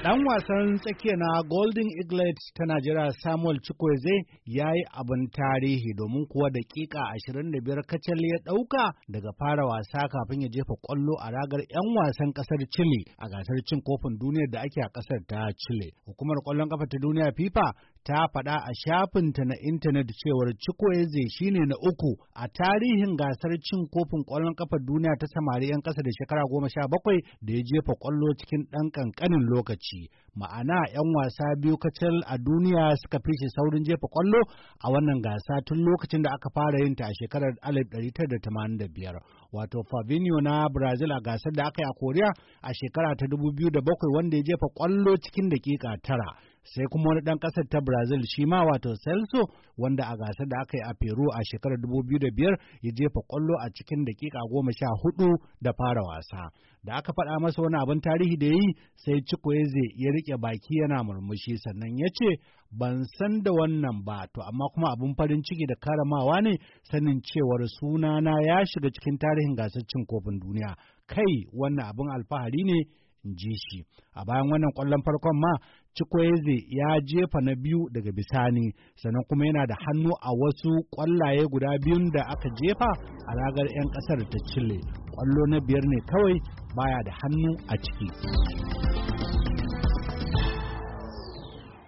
Ɗan wasan tsakiya na Golden Eagles ta Najeriya Samuel Chukwueze ya yi abin tarihi domin kuwa da 25 kacal ya ɗauka daga fara wasa kafin ya jefa ƙwallo a ragar 'yan wasan ƙasar Chile a gasar cin kofin duniya da ake a ƙasar ta Chile. Hukumar ƙwallon ƙafa ta duniya FIFA ta faɗa a shafinta na intanet cewar Chukwueze shine na uku a tarihin gasar cin kofin ƙwallon ƙafar duniya ta samari 'yan ƙasa da shekara goma sha bakwai da ya jefa ƙwallo cikin ɗan ƙanƙanin lokaci. Ma'ana 'yan wasa biyu kacal a duniya suka fi saurin jefa ƙwallo a wannan gasa tun lokacin da aka fara yin ta a shekarar 1985. Wato favinio na Brazil a gasar da aka yi a Koriya a shekara ta 2007 wanda ya jefa ƙwallo cikin dakika tara. sai kuma wani ɗan ƙasar ta brazil shi ma wato celso wanda a gasar da aka yi a peru a shekarar 2005 ya jefa ƙwallo a cikin dakika goma sha hudu da fara wasa da aka faɗa masa wani abin tarihi da yi sai ciko ya riƙe baki yana murmushi sannan ya ce ban san da wannan ba to amma kuma abin farin ciki da karamawa ne sanin cewar sunana ya shiga cikin tarihin gasar cin kofin duniya kai wannan abin alfahari ne in ji shi a bayan wannan kwallon farkon ma Chikwueze ya jefa na biyu daga bisani sannan kuma yana da hannu a wasu ƙwallaye guda biyun da aka jefa a ragar 'yan ƙasar ta Chile. Ƙwallo na biyar ne kawai baya da hannu a ciki.